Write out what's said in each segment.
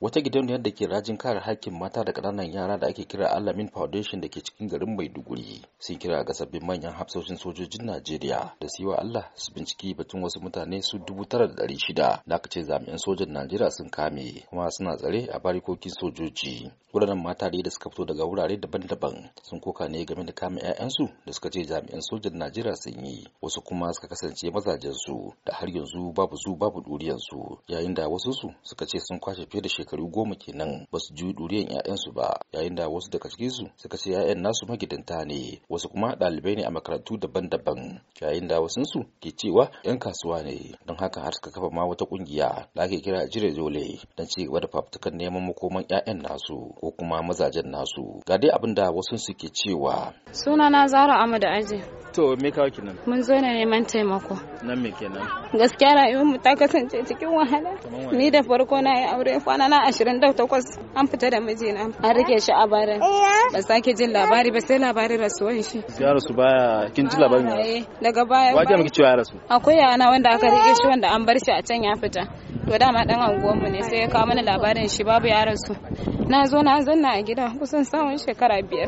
wata gidauniyar da ke rajin kare hakkin mata da ƙananan yara da ake kira alamin foundation da ke cikin garin maiduguri sun kira ga sabbin manyan hafsoshin sojojin najeriya da su yi wa allah su binciki batun wasu mutane su dubu tara da ɗari shida da aka ce jami'an sojan najeriya sun kame kuma suna tsare a barikokin sojoji wuraren mata da suka fito daga wurare daban-daban sun koka ne game da kame 'ya'yansu da suka ce jami'an sojan najeriya sun yi wasu kuma suka kasance mazajensu da har yanzu babu su babu ɗuriyarsu yayin da wasu su suka ce sun kwashe fiye da shekaru shekaru goma kenan ba su ji ɗuriyan 'ya'yansu ba yayin da wasu daga su, suka ce 'ya'yan nasu magidanta ne wasu kuma ɗalibai ne a makarantu daban-daban yayin da wasunsu ke cewa 'yan kasuwa ne don haka har suka kafa ma wata ƙungiya da ake kira jire dole don ci gaba da fafutukan neman makoman 'ya'yan nasu ko kuma mazajen nasu ga dai abin da wasunsu ke cewa sunana zara amada aji To me kawo nan? Mun zo ne neman taimako. Nan me kenan? Gaskiya rayuwar mu ta kasance cikin wahala. Ni da farko na yi aure kwana na 28 an fita da mijina an rike shi a bara. Ba sake jin labari ba sai labarin rasuwan shi. Ya rasu baya kin ji labarin ya? Eh, daga baya. Waje miki cewa ya rasu. Akwai yana wanda aka rike shi wanda an bar shi a can ya fita. To dama dan anguwan mu ne sai ya kawo mana labarin shi babu ya rasu. na zo na zanna a gida kusan samun shekara biyar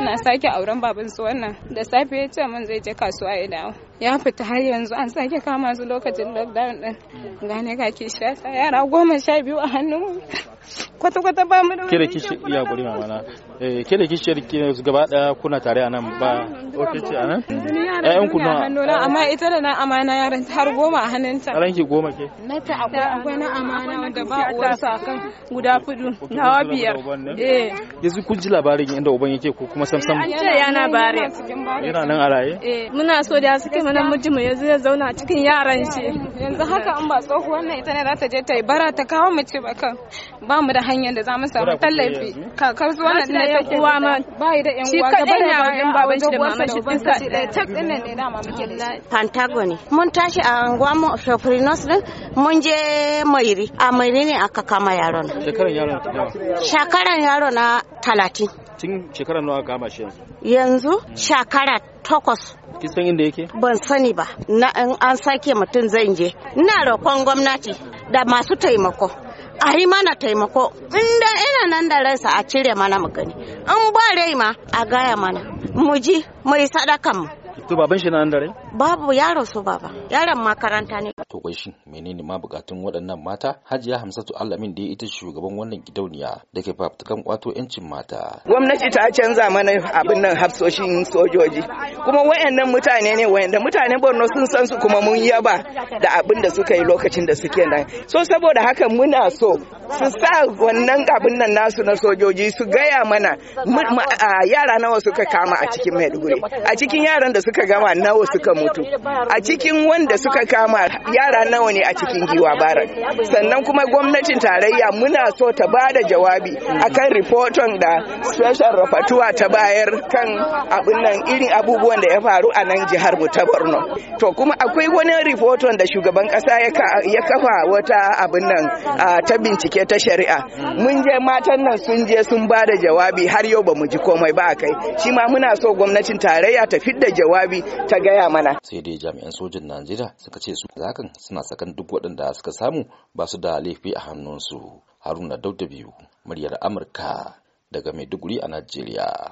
na sake auren baban su wannan da safe ya ce mun zai je kasuwa ya dawo ya fita har yanzu an sake kama su lokacin lockdown din gane kake sha yara goma sha biyu a hannun kwata-kwata ba mu da ke da kishi iya guri mama na eh ke da kishi ki gaba daya kuna tare anan ah, ba oke ce anan eh ku na amma ita da na amana yaran har goma a hannunta ran ki goma ke nata akwai akwai na amana da ba uwar sa kan guda fudu nawa biyar eh yanzu kun ji labarin inda uban yake ko kuma sam sam an ce yana bare yana nan a raye eh muna so da suke mana mutum yanzu ya zauna cikin yaran shi yanzu haka an ba tsohuwar nan ita ne za ta je ta yi bara ta kawo mace ba kan ba mu da hanyar da za mu samu tallafi kakar zuwa na da ta uwa ma bai da yan uwa gaban ya wajen baban shi da maman shi din sai da ta din ne da ma muke da Pantagoni mun tashi a anguwa mu Shoprinos din mun je Mairi a Mairi ne aka kama yaron shekaran yaron shekaran yaron na 30 tun shekaran nawa kama shi yanzu yanzu hmm. shekara takwas kin san inda yake ban sani ba na an sake mutum zan je ina roƙon gwamnati da masu taimako a yi mana taimako inda ina nan da ransa a cire mana mu gani in ba rai ma a gaya mana mu ji mai sadakan mu To baban shi na nan dare? Babu yaro su baba. Yaron makaranta ne. To kai shi menene ma bukatun waɗannan mata? Hajiya Hamsatu allamin da ita shugaban wannan gidauniya da ke fafutukan kwato yancin mata. Gwamnati ta canza mana abin nan hafsoshin sojoji. Kuma wayannan mutane ne wayanda mutane Borno sun san su kuma mun yaba da abin da suka yi lokacin da suke nan. So saboda haka muna so su sa wannan abin nan nasu na sojoji su gaya mana yara nawa suka kama a cikin Maiduguri. A cikin yaran da suka gama nawa suka mutu a cikin wanda suka kama yara nawa ne a cikin giwa bara? sannan kuma gwamnatin tarayya muna so ta ba da jawabi akan rifoton da special rafatuwa ta bayar kan abin nan irin abubuwan da ya faru a nan jihar mu ta borno to kuma akwai wani rifoton da shugaban kasa ya kafa wata abin nan ta bincike ta shari'a mun je matan nan sun je sun ba da jawabi har yau ba mu ji komai ba kai shi ma muna so gwamnatin tarayya ta fidda jawabi ta gaya mana sai dai jami'an sojin najeriya suka ce su zakan suna sakan duk waɗanda suka samu ba su da laifi a hannunsu haruna biyu muryar amurka daga maiduguri a najeriya